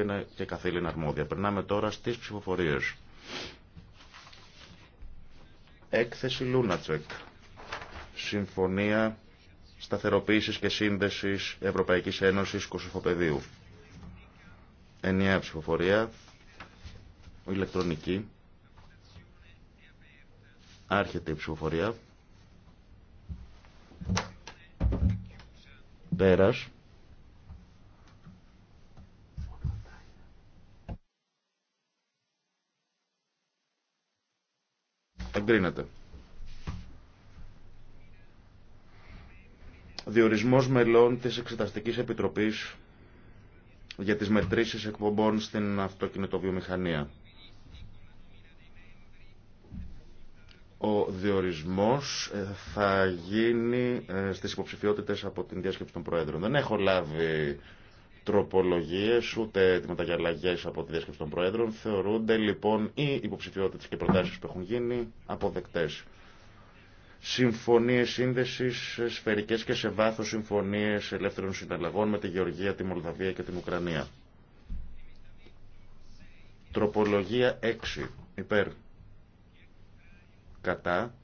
είναι και καθήλυνα αρμόδια. Περνάμε τώρα στι ψηφοφορίε. Έκθεση Λούνατσεκ. Συμφωνία σταθεροποίηση και σύνδεσης Ευρωπαϊκή Ένωσης Κωσοφοπεδίου. Ενιαία ψηφοφορία, ηλεκτρονική. Άρχεται η ψηφοφορία. Πέρας. Εγκρίνεται. Διορισμός μελών της Εξεταστικής Επιτροπής για τις μετρήσεις εκπομπών στην αυτοκινητοβιομηχανία. Ο διορισμός ε, θα γίνει ε, στις υποψηφιότητες από την διάσκεψη των Προέδρων. Δεν έχω λάβει τροπολογίες, ούτε τη για από τη διάσκεψη των Προέδρων. Θεωρούνται λοιπόν οι υποψηφιότητες και προτάσεις που έχουν γίνει αποδεκτές. Συμφωνίες σύνδεσης σφαιρικές και σε βάθος συμφωνίες ελεύθερων συναλλαγών με τη Γεωργία, τη Μολδαβία και την Ουκρανία. Τροπολογία 6. Υπέρ. Κατά.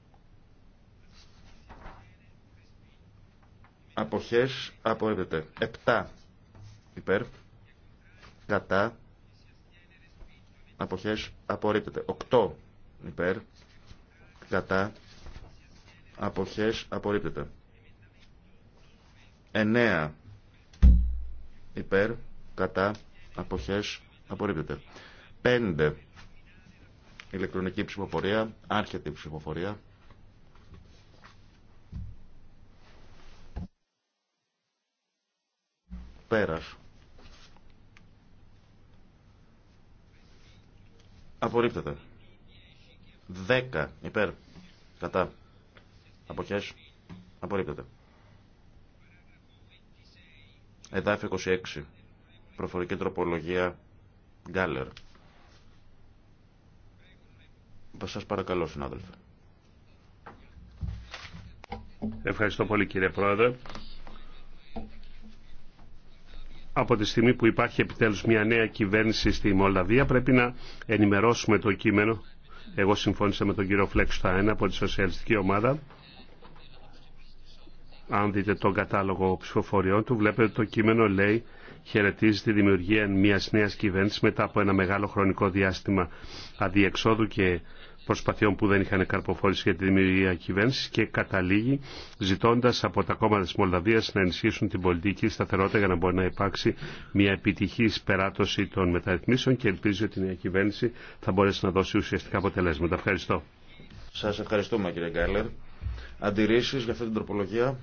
Αποχές απορρίπτεται. 7 υπέρ, κατά, αποχές απορρίπτεται. 8 υπέρ, κατά, αποχές απορρίπτεται. 9 υπέρ, κατά, αποχές απορρίπτεται. 5 ηλεκτρονική ψηφοφορία, άρχεται η ψηφοφορία. Πέρας. Απορρίπτεται. 10 υπέρ. Κατά. Αποχές. Απορρίπτεται. Εδάφη 26. Προφορική τροπολογία Γκάλερ. Σας παρακαλώ συνάδελφε. Ευχαριστώ πολύ κύριε Πρόεδρε από τη στιγμή που υπάρχει επιτέλους μια νέα κυβέρνηση στη Μολδαβία πρέπει να ενημερώσουμε το κείμενο. Εγώ συμφώνησα με τον κύριο Φλέξταεν από τη Σοσιαλιστική Ομάδα. Αν δείτε τον κατάλογο ψηφοφοριών του βλέπετε το κείμενο λέει χαιρετίζει τη δημιουργία μιας νέας κυβέρνησης μετά από ένα μεγάλο χρονικό διάστημα αδιεξόδου και προσπαθειών που δεν είχαν καρποφόρηση για τη δημιουργία κυβέρνηση και καταλήγει ζητώντα από τα κόμματα τη Μολδαβία να ενισχύσουν την πολιτική σταθερότητα για να μπορεί να υπάρξει μια επιτυχή περάτωση των μεταρρυθμίσεων και ελπίζει ότι η νέα κυβέρνηση θα μπορέσει να δώσει ουσιαστικά αποτελέσματα. Ευχαριστώ. Σα ευχαριστούμε κύριε Γκάλερ. Αντιρρήσει για αυτή την τροπολογία.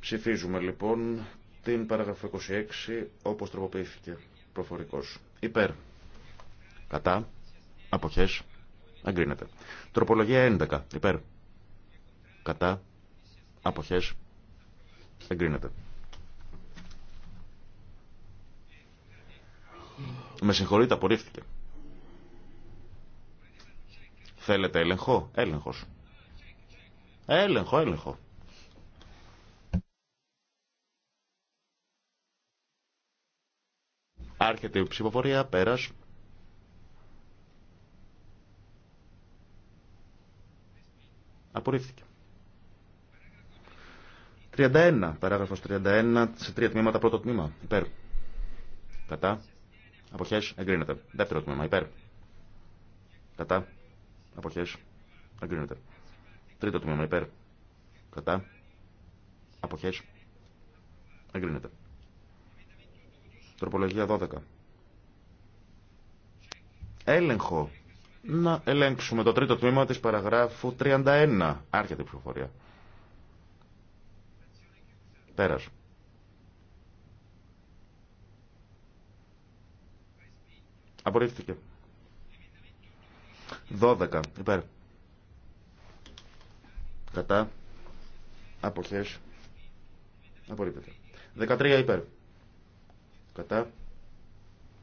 Ψηφίζουμε λοιπόν την παράγραφο 26 όπως τροποποιήθηκε προφορικός. Υπέρ. Κατά. Αποχές. εγκρίνεται. Τροπολογία 11. Υπέρ. Κατά. Αποχές. Εγκρίνεται. Με συγχωρείτε, απορρίφθηκε. Θέλετε έλεγχο. Έλεγχος. Έλεγχο, έλεγχο. Άρχεται η ψηφοφορία, πέρας. Απορρίφθηκε. 31. Παράγραφος 31 σε τρία τμήματα. Πρώτο τμήμα. Υπέρ. Κατά. Αποχές. Εγκρίνεται. Δεύτερο τμήμα. Υπέρ. Κατά. Αποχές. Εγκρίνεται. Τρίτο τμήμα. Υπέρ. Κατά. Αποχές. Εγκρίνεται. Τροπολογία 12. Έλεγχο να ελέγξουμε το τρίτο τμήμα της παραγράφου 31. Άρχεται η ψηφοφορία. Πέρας. Απορρίφθηκε. 12. Υπέρ. Κατά. Αποχές. Απορρίφθηκε. 13. Υπέρ. Κατά.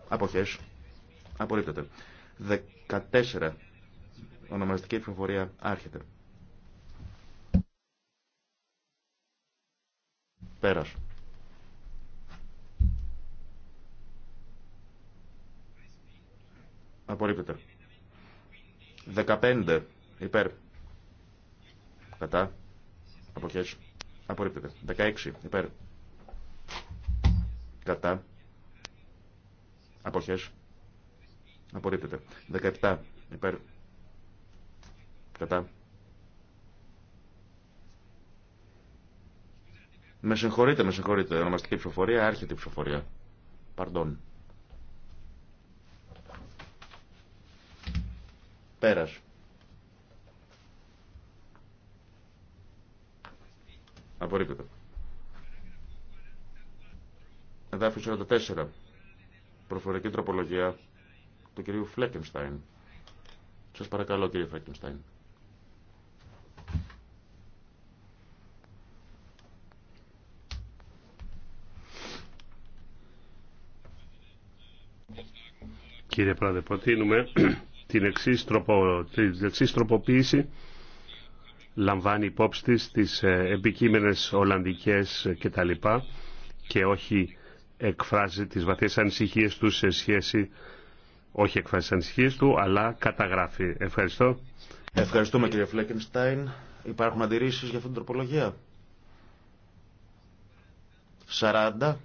Αποχές. Απορρίπτεται. 14. Ονομαστική ψηφοφορία άρχεται. Πέρας. Απορρίπτεται. 15 υπέρ. Κατά. Αποχές. Απορρίπτεται. 16 υπέρ. Κατά. Αποχές. Απορρίπτεται. 17 υπέρ. Κατά. Με συγχωρείτε, με συγχωρείτε. Ονομαστική ψηφοφορία, άρχεται η ψηφοφορία. Παρντών. Πέρας. Απορρίπτεται. Εδάφιο 44. Προφορική τροπολογία του κυρίου Φλέκενστάιν. Σας παρακαλώ κύριε Φλέκενστάιν. Κύριε Πρόεδρε, προτείνουμε την εξή τροπο, τροποποίηση λαμβάνει υπόψη της τις ε, επικείμενες Ολλανδικές κτλ. Και, και όχι εκφράζει τις βαθιές ανησυχίες τους σε σχέση όχι εκφράσει τι ανησυχίε του, αλλά καταγράφει. Ευχαριστώ. Ευχαριστούμε κύριε Φλέκενστάιν. Υπάρχουν αντιρρήσει για αυτήν την τροπολογία. 40.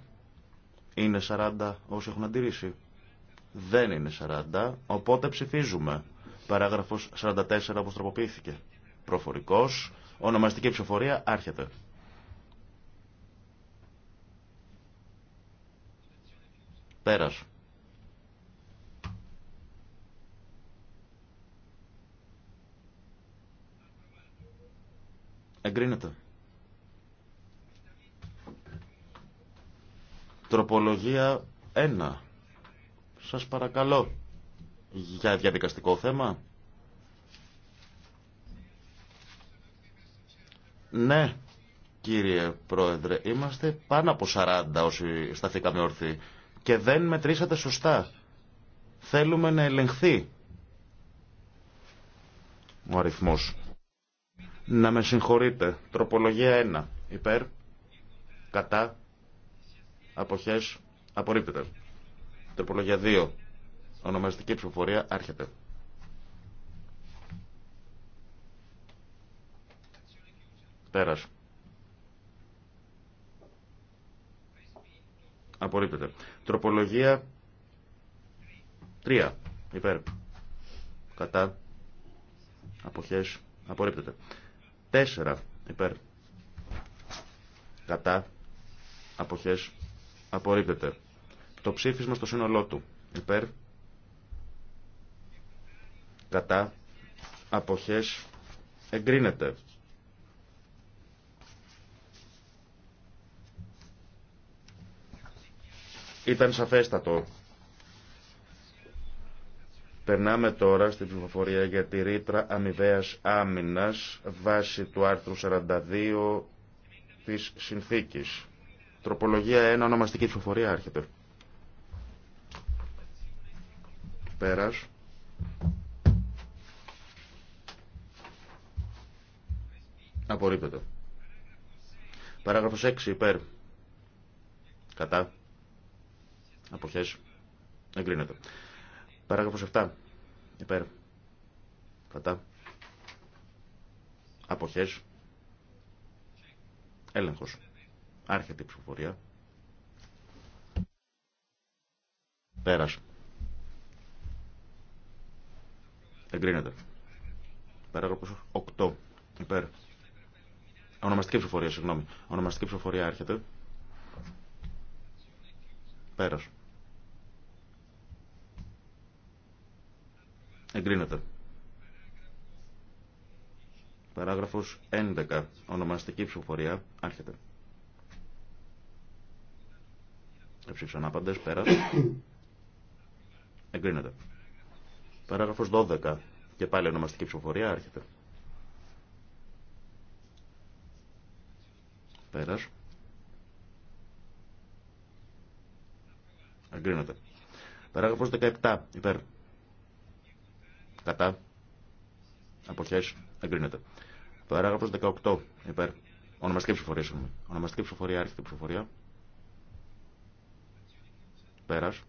Είναι 40 όσοι έχουν αντιρρήσει. Δεν είναι 40. Οπότε ψηφίζουμε. Παράγραφος 44 όπω τροποποιήθηκε. Προφορικό. Ονομαστική ψηφοφορία άρχεται. Πέρας. Τροπολογία 1. Σας παρακαλώ. Για διαδικαστικό θέμα. Ναι, κύριε Πρόεδρε, είμαστε πάνω από 40 όσοι σταθήκαμε όρθιοι και δεν μετρήσατε σωστά. Θέλουμε να ελεγχθεί ο αριθμός. Να με συγχωρείτε. Τροπολογία 1. Υπέρ. Κατά. Αποχές. Απορρίπτεται. Τροπολογία 2. Ονομαστική ψηφοφορία. Άρχεται. Πέρας. Απορρίπτεται. Τροπολογία 3. Υπέρ. Κατά. Αποχές. Απορρίπτεται. Τέσσερα υπέρ κατά αποχές απορρίπτεται. Το ψήφισμα στο σύνολό του υπέρ κατά αποχές εγκρίνεται. Ήταν σαφέστατο Περνάμε τώρα στην ψηφοφορία για τη ρήτρα αμοιβαία άμυνα βάσει του άρθρου 42 της συνθήκης. Τροπολογία 1, ονομαστική ψηφοφορία, άρχεται. Πέρας. Απορρίπτεται. Παράγραφος 6, υπέρ. Κατά. Αποχές. Εγκρίνεται. Παράγραφος 7. Υπέρ. Κατά. Αποχές. Έλεγχος. Άρχεται η ψηφοφορία. Πέρας. Εγκρίνεται. Παράγραφος 8. Υπέρ. Ονομαστική ψηφοφορία, συγγνώμη. Ονομαστική ψηφοφορία έρχεται. Πέρας. Εγκρίνεται. Παράγραφος 11. Ονομαστική ψηφοφορία. Άρχεται. Εψήφισαν άπαντες. Πέρας. Εγκρίνεται. Παράγραφος 12. Και πάλι ονομαστική ψηφοφορία. Άρχεται. Πέρας. Εγκρίνεται. Παράγραφος 17. Υπέρ. Κατά. Αποχές. Εγκρίνεται. Παράγραφο 18. Υπέρ. Ονομαστική ψηφοφορία. Ονομαστική ψηφοφορία. Άρχιτη ψηφοφορία. Πέρας.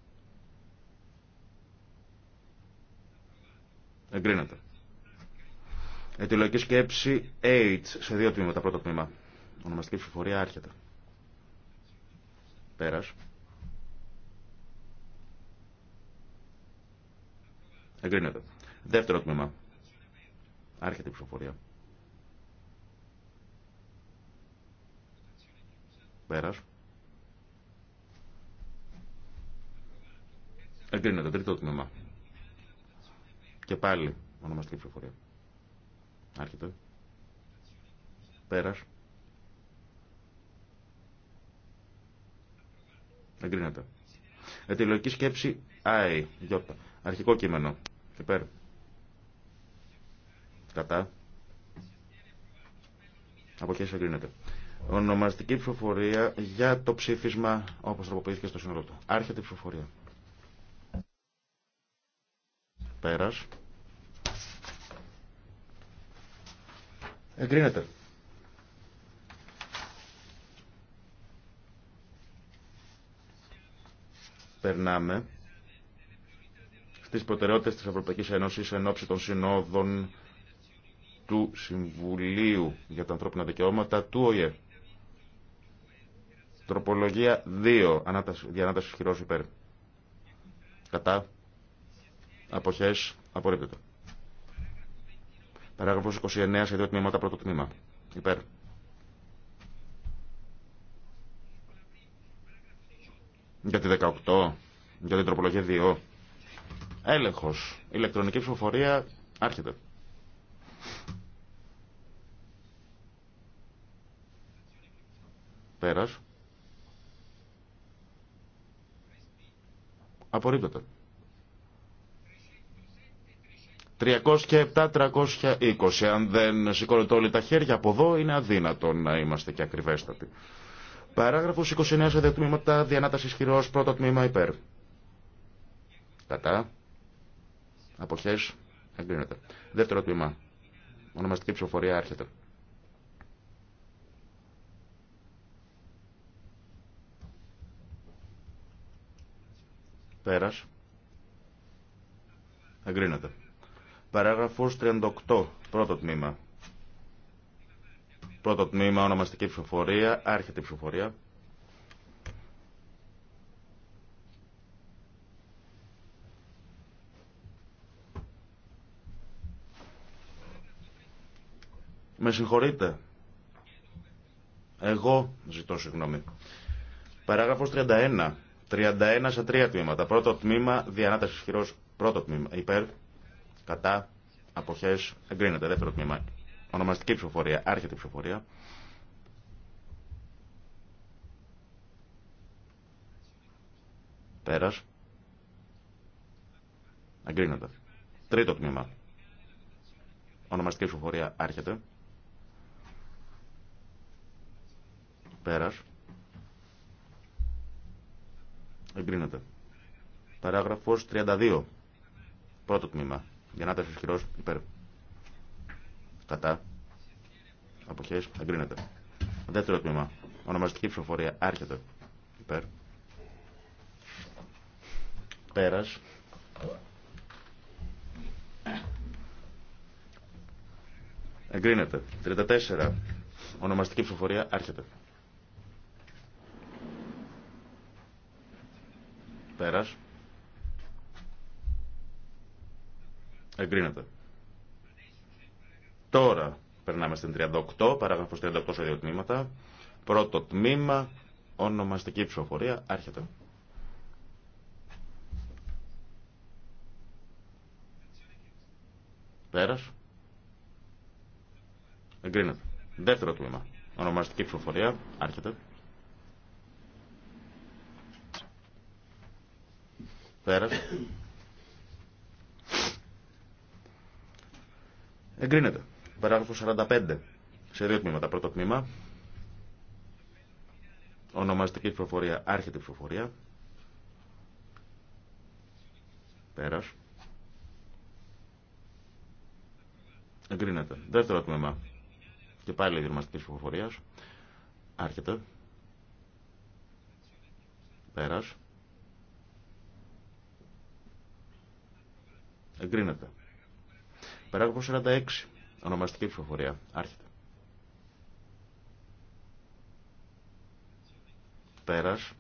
Εγκρίνεται. Αιτιολογική σκέψη 8 σε δύο τμήματα. Πρώτο τμήμα. Ονομαστική ψηφοφορία. Άρχεται. Πέρα. Εγκρίνεται. Δεύτερο τμήμα. Άρχεται η ψηφοφορία. Πέρα. Εγκρίνεται. Τρίτο τμήμα. Και πάλι ονομαστική ψηφοφορία. Άρχεται. Πέρα. Εγκρίνεται. Ετυλογική σκέψη Αι. Αρχικό κείμενο. πέρα. Κατά. εκεί εγκρίνεται. Ονομαστική ψηφοφορία για το ψήφισμα όπως τροποποιήθηκε στο σύνολό του. Άρχεται η ψηφοφορία. Πέρας. Εγκρίνεται. Περνάμε στις προτεραιότητες της Ευρωπαϊκής Ένωσης εν ώψη των συνόδων του Συμβουλίου για τα Ανθρώπινα Δικαιώματα του ΟΗΕ. Τροπολογία 2. Διανάταση χειρό υπέρ. Κατά. Αποχέ. Απορρίπτεται. Παράγραφό 29 σε δύο τμήματα πρώτο τμήμα. Υπέρ. Για τη 18. Για την τροπολογία 2. Έλεγχος. Ηλεκτρονική ψηφοφορία άρχεται. Πέρας. Απορρίπτεται. 307-320. Αν δεν σηκώνετε όλοι τα χέρια από εδώ, είναι αδύνατο να είμαστε και ακριβέστατοι. Παράγραφος 29 σε δύο τμήματα, διανάταση χειρός, πρώτο τμήμα υπέρ. Κατά. Αποχές. Εγκρίνεται. Δεύτερο τμήμα. Ονομαστική ψηφοφορία Άρχεται. Πέρας. Εγκρίνεται. Παράγραφος 38. Πρώτο τμήμα. Πρώτο τμήμα, ονομαστική ψηφοφορία, άρχεται ψηφοφορία. Με συγχωρείτε. Εγώ ζητώ συγγνώμη. Παράγραφος 31. 31 σε τρία τμήματα. Πρώτο τμήμα, διανάταση ισχυρό. Πρώτο τμήμα, υπέρ, κατά, αποχέ, εγκρίνεται. Δεύτερο τμήμα, ονομαστική ψηφοφορία, άρχεται ψηφοφορία. Πέρα. Εγκρίνεται. Τρίτο τμήμα. Ονομαστική ψηφοφορία άρχεται. Πέρας. Εγκρίνεται. Παράγραφος 32. Πρώτο τμήμα. Για να χειρός υπέρ. Κατά. Αποχέ. Εγκρίνεται. Δεύτερο τμήμα. Ονομαστική ψηφοφορία. Άρχεται. Υπέρ. Πέρας. Εγκρίνεται. 34. Ονομαστική ψηφοφορία. Άρχεται. Πέρας. Εγκρίνεται. Τώρα περνάμε στην 38, παράγραφος 38 σε δύο τμήματα. Πρώτο τμήμα, ονομαστική ψηφοφορία, άρχεται. Πέρας. Εγκρίνεται. Δεύτερο τμήμα. Ονομαστική ψηφοφορία. Άρχεται. Πέρας. Εγκρίνεται. Παράγραφος 45. Σε δύο τμήματα. Πρώτο τμήμα. Ονομαστική ψηφοφορία. Άρχεται ψηφοφορία. Πέρας. Εγκρίνεται. Δεύτερο τμήμα. Και πάλι η ονομαστική ψηφοφορία. Άρχεται. Πέρας. Εγκρίνεται. Παράγραφο 46. Ονομαστική ψηφοφορία. Άρχεται. Πέρας.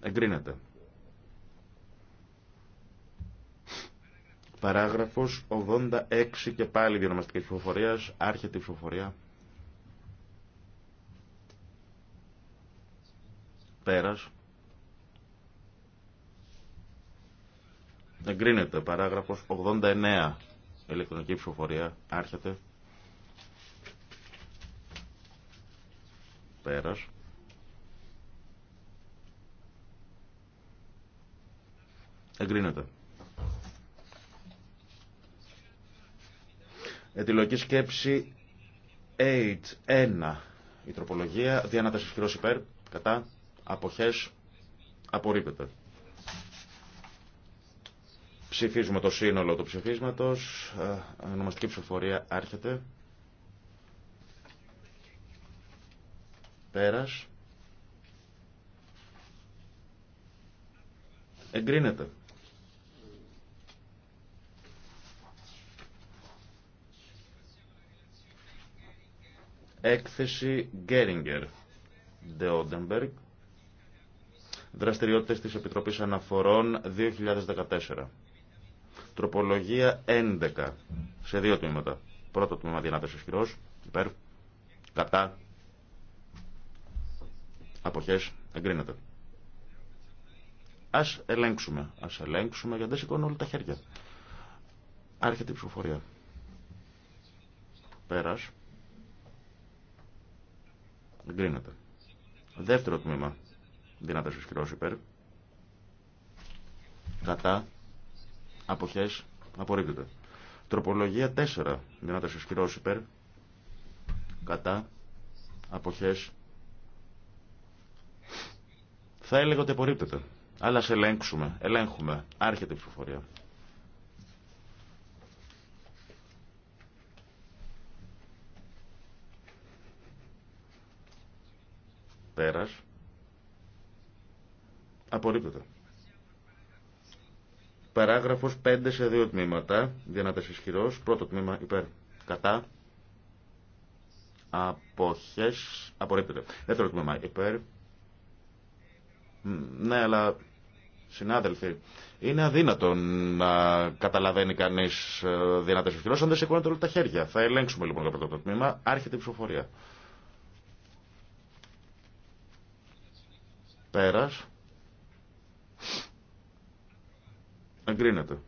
Εγκρίνεται. Παράγραφος 86 και πάλι διονομαστική ψηφοφορία. Άρχεται η ψηφοφορία. Πέρας. Εγκρίνεται. Παράγραφος 89. Ηλεκτρονική ψηφοφορία. Άρχεται. Πέρας. Εγκρίνεται. Ετυλογική σκέψη 8-1. Η τροπολογία διανάταση χειρός υπέρ, κατά, αποχές, απορρίπτεται. Ψηφίζουμε το σύνολο του ψηφίσματος. Ε, ονομαστική ψηφοφορία άρχεται. Πέρας. Εγκρίνεται. Έκθεση Γκέριγκερ. Ντεόντεμπεργκ. Δραστηριότητες της Επιτροπής Αναφορών 2014. Τροπολογία 11. Σε δύο τμήματα. Πρώτο τμήμα δυνατές ισχυρό, Υπέρ. Κατά. Αποχές. Εγκρίνεται. Α ελέγξουμε. Ας ελέγξουμε γιατί δεν σηκώνω όλα τα χέρια. Άρχεται η ψηφοφορία. Πέρα. Εγκρίνεται. Δεύτερο τμήμα. Δυνατές ισχυρό υπέρ. Κατά. Αποχές. Απορρίπτεται. Τροπολογία 4. δυνάτα ισχυρός υπέρ. Κατά. Αποχές. Θα έλεγα ότι απορρίπτεται. Αλλά σε ελέγξουμε. Ελέγχουμε. Άρχεται η ψηφοφορία. Πέρας. Απορρίπτεται. Παράγραφος 5 σε δύο τμήματα. Διανάταση ισχυρός. Πρώτο τμήμα υπέρ. Κατά. Αποχές. Απορρίπτεται. Δεύτερο τμήμα υπέρ. Ναι, αλλά συνάδελφοι, είναι αδύνατο να καταλαβαίνει κανεί ε, δυνατέ ισχυρός αν δεν σηκώνεται όλα τα χέρια. Θα ελέγξουμε λοιπόν το πρώτο τμήμα. Άρχεται η ψηφοφορία. Πέρας. Εγκρίνεται.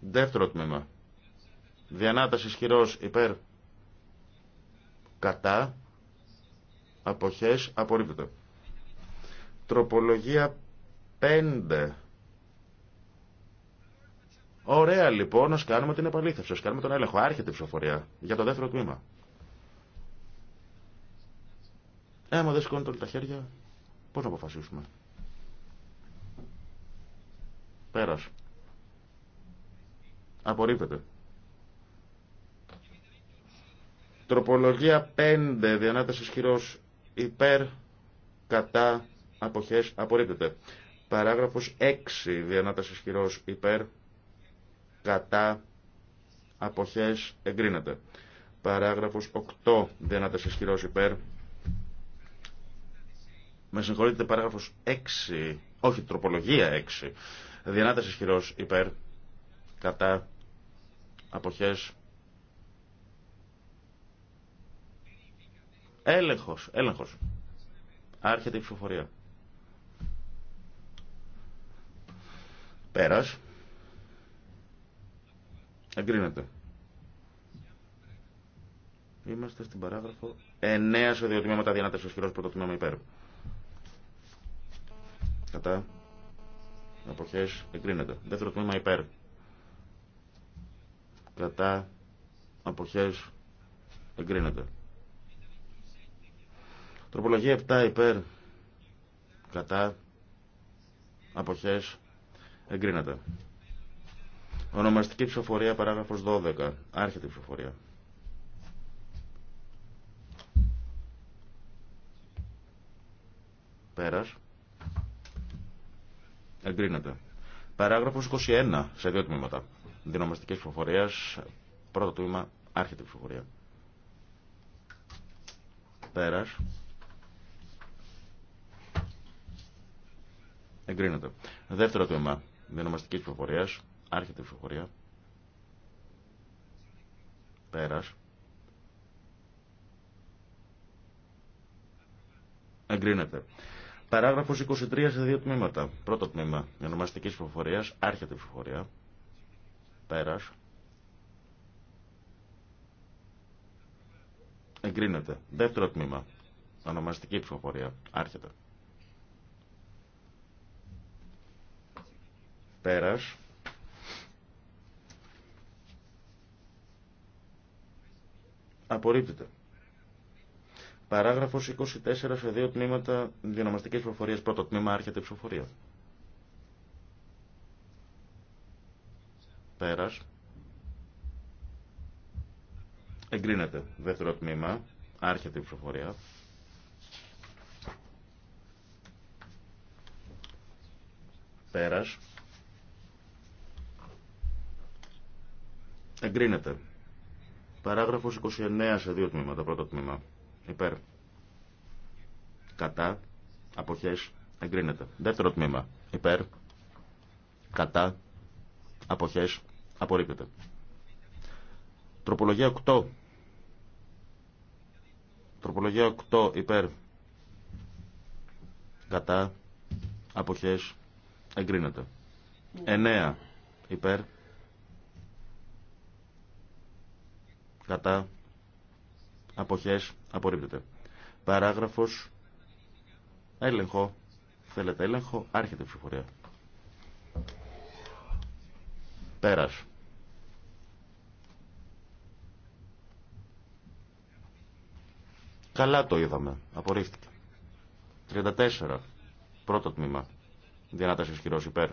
Δεύτερο τμήμα. Διανάταση ισχυρό υπέρ. Κατά. Αποχές. Απορρίπτεται. Τροπολογία 5. Ωραία λοιπόν, α κάνουμε την επαλήθευση, α κάνουμε τον έλεγχο. Άρχεται η ψηφοφορία για το δεύτερο τμήμα. Ε, άμα δεν σηκώνετε τα χέρια, πώ να αποφασίσουμε. Πέρας. Απορρίπτεται. Τροπολογία 5. Διανάταση ισχυρό υπέρ, κατά, αποχές, απορρίπτεται. Παράγραφος 6. Διανάταση ισχυρό υπέρ, κατά, αποχές, εγκρίνεται. Παράγραφος 8. Διανάταση ισχυρό υπέρ. Με συγχωρείτε, παράγραφος 6. Όχι, τροπολογία 6. Διανάτες ισχυρός υπέρ, κατά, αποχές. Έλεγχος, έλεγχος. Άρχεται η ψηφοφορία. Πέρας. Εγκρίνεται. Είμαστε στην παράγραφο 9 σε δύο τμήματα διανάτας ισχυρός πρώτο τμήμα υπέρ. Κατά. Αποχές εγκρίνεται. Δεύτερο τμήμα υπέρ. Κατά. Αποχές εγκρίνεται. Τροπολογία 7 υπέρ. Κατά. Αποχές εγκρίνεται. Ονομαστική ψηφοφορία παράγραφος 12. Άρχεται η ψηφοφορία. Πέρας. Εγκρίνεται. Παράγραφος 21 σε δύο τμήματα. Δυναμαστικής ψηφοφορίας. Πρώτο τμήμα. Άρχεται η ψηφοφορία. Πέρας. Εγκρίνεται. Δεύτερο τμήμα. Δυναμαστικής ψηφοφορίας. Άρχεται η ψηφοφορία. Πέρας. Εγκρίνεται. Παράγραφος 23 σε δύο τμήματα. Πρώτο τμήμα, ονομαστική ψηφοφορία, άρχεται η ψηφοφορία. Πέρας. Εγκρίνεται. Δεύτερο τμήμα, ονομαστική ψηφοφορία, άρχεται. Πέρας. Απορρίπτεται. Παράγραφος 24 σε δύο τμήματα δυναμαστικής ψηφοφορίας. Πρώτο τμήμα άρχεται ψηφοφορία. Πέρας. Εγκρίνεται. Δεύτερο τμήμα. Άρχεται ψηφοφορία. Πέρας. Εγκρίνεται. Παράγραφος 29 σε δύο τμήματα. Πρώτο τμήμα. Υπέρ. Κατά. Αποχές. Εγκρίνεται. Δεύτερο τμήμα. Υπέρ. Κατά. Αποχές. Απορρίπτεται. Τροπολογία 8. Τροπολογία 8. Υπέρ. Κατά. Αποχές. Εγκρίνεται. 9. Υπέρ. Κατά. Αποχές. Απορρίπτεται. Παράγραφος. Έλεγχο. Θέλετε έλεγχο. Άρχεται η ψηφορία. Πέρας. Καλά το είδαμε. Απορρίφθηκε. 34. Πρώτο τμήμα. Διανάταση χειρό υπέρ.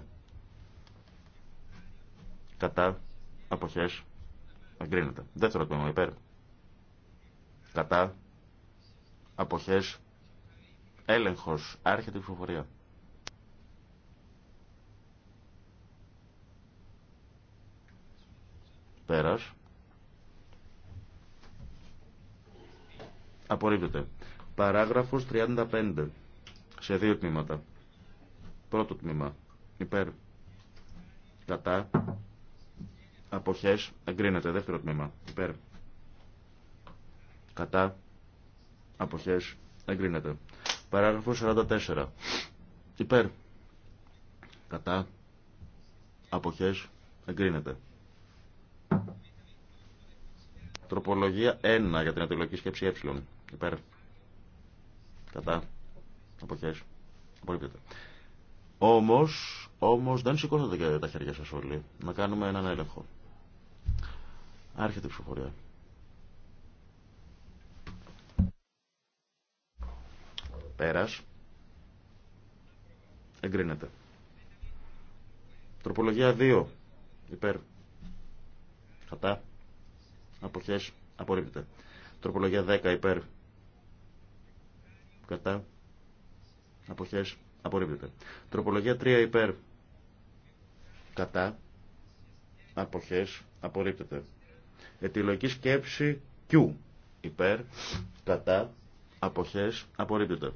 Κατά. Αποχές. Αγκρίνεται. Δεύτερο τμήμα υπέρ. Κατά. Αποχές. Έλεγχος. Άρχεται η ψηφοφορία. Πέρας. Απορρίπτεται. Παράγραφος 35. Σε δύο τμήματα. Πρώτο τμήμα. Υπέρ. Κατά. Αποχές. Εγκρίνεται. Δεύτερο τμήμα. Υπέρ. Κατά. Αποχές. Εγκρίνεται. Παράγραφος 44. Υπέρ. Κατά. Αποχές. Εγκρίνεται. Τροπολογία 1 για την αντιλογική σκέψη ε. Υπέρ. Κατά. Αποχές. Απορρίπτεται. Όμως, όμως δεν σηκώσατε τα χέρια σας όλοι. Να κάνουμε έναν έλεγχο. Άρχεται η ψηφοφορία. Πέρας. Εγκρίνεται. Τροπολογία 2. Υπέρ. Κατά. Αποχές. Απορρίπτεται. Τροπολογία 10. Υπέρ. Κατά. Αποχές. Απορρίπτεται. Τροπολογία 3. Υπέρ. Κατά. Αποχές. Απορρίπτεται. Ετυλογική σκέψη Q. Υπέρ. Κατά. Αποχές. Απορρίπτεται.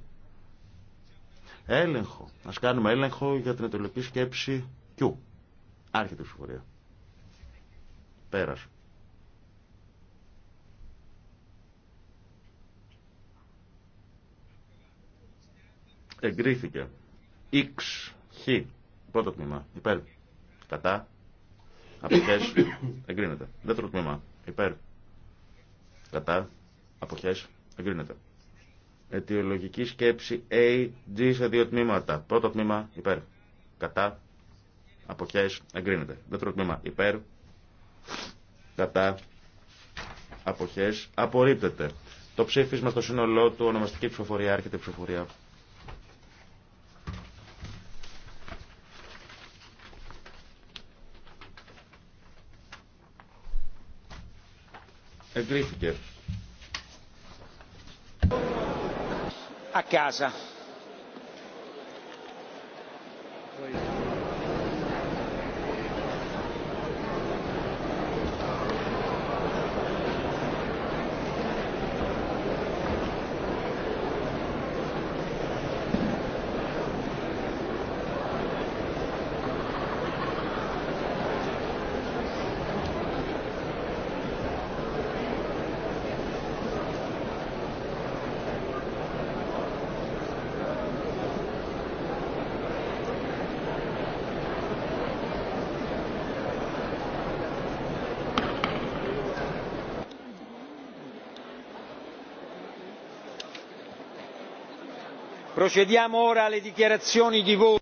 Έλεγχο. Ας κάνουμε έλεγχο για την ετολική σκέψη Q. Άρχεται η ψηφορία. Πέρασε. Εγκρίθηκε. X, Χ. Πρώτο τμήμα. Υπέρ. Κατά. Αποχές. Εγκρίνεται. Δεύτερο τμήμα. Υπέρ. Κατά. Αποχές. Εγκρίνεται. Αιτιολογική σκέψη A, G σε δύο τμήματα. Πρώτο τμήμα υπέρ. Κατά. Αποχές. Εγκρίνεται. Δεύτερο τμήμα υπέρ. Κατά. Αποχές. Απορρίπτεται. Το ψήφισμα στο σύνολό του ονομαστική ψηφοφορία. έρχεται ψηφοφορία. Εγκρίθηκε. a casa.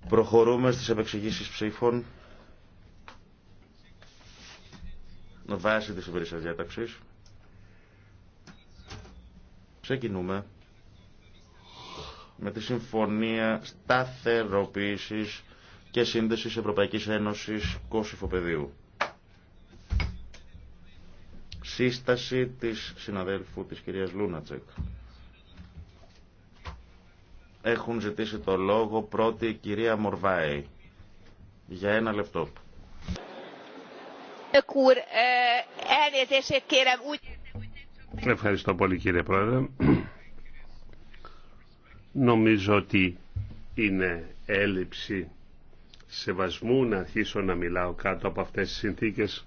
Προχωρούμε στις επεξηγήσεις ψήφων βάσει της υπηρεσίας διάταξης. Ξεκινούμε με τη Συμφωνία Σταθεροποίησης και Σύνδεσης Ευρωπαϊκής Ένωσης Παιδίου. Σύσταση της συναδέλφου της κυρίας Λούνατσεκ. Έχουν ζητήσει το λόγο πρώτη η κυρία Μορβάη. Για ένα λεπτό. Ευχαριστώ πολύ κύριε Πρόεδρε. Νομίζω ότι είναι έλλειψη σεβασμού να αρχίσω να μιλάω κάτω από αυτές τις συνθήκες